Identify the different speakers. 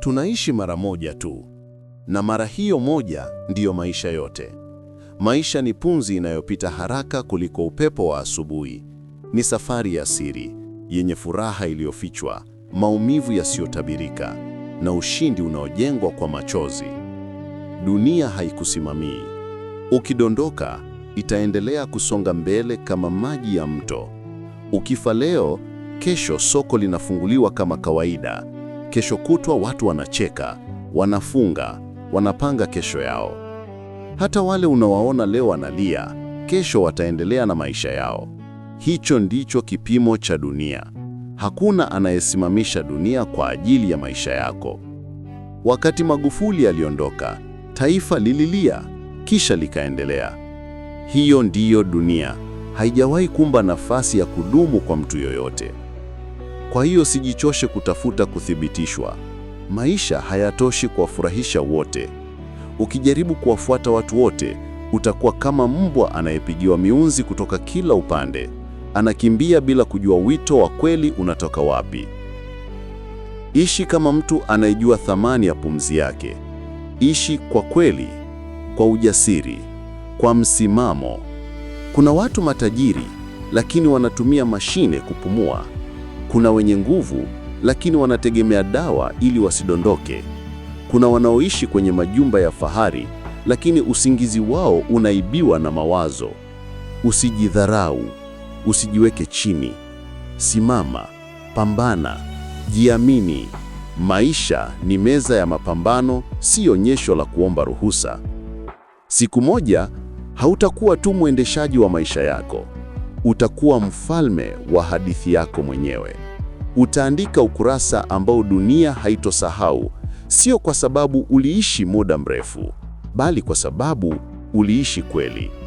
Speaker 1: Tunaishi mara moja tu, na mara hiyo moja ndiyo maisha yote. Maisha ni pumzi inayopita haraka kuliko upepo wa asubuhi. Ni safari ya siri yenye furaha iliyofichwa, maumivu yasiyotabirika na ushindi unaojengwa kwa machozi. Dunia haikusimamii. Ukidondoka, itaendelea kusonga mbele kama maji ya mto. Ukifa leo, kesho soko linafunguliwa kama kawaida. Kesho kutwa watu wanacheka, wanafunga, wanapanga kesho yao. Hata wale unawaona leo wanalia, kesho wataendelea na maisha yao. Hicho ndicho kipimo cha dunia. Hakuna anayesimamisha dunia kwa ajili ya maisha yako. Wakati Magufuli aliondoka, taifa lililia, kisha likaendelea. Hiyo ndiyo dunia. Haijawahi kumba nafasi ya kudumu kwa mtu yoyote. Kwa hiyo sijichoshe kutafuta kuthibitishwa. Maisha hayatoshi kuwafurahisha wote. Ukijaribu kuwafuata watu wote, utakuwa kama mbwa anayepigiwa miunzi kutoka kila upande. Anakimbia bila kujua wito wa kweli unatoka wapi. Ishi kama mtu anayejua thamani ya pumzi yake. Ishi kwa kweli, kwa ujasiri, kwa msimamo. Kuna watu matajiri lakini wanatumia mashine kupumua. Kuna wenye nguvu lakini wanategemea dawa ili wasidondoke. Kuna wanaoishi kwenye majumba ya fahari lakini usingizi wao unaibiwa na mawazo. Usijidharau, usijiweke chini. Simama, pambana, jiamini. Maisha ni meza ya mapambano, si onyesho la kuomba ruhusa. Siku moja hautakuwa tu mwendeshaji wa maisha yako. Utakuwa mfalme wa hadithi yako mwenyewe. Utaandika ukurasa ambao dunia haitosahau, sio kwa sababu uliishi muda mrefu, bali kwa sababu uliishi kweli.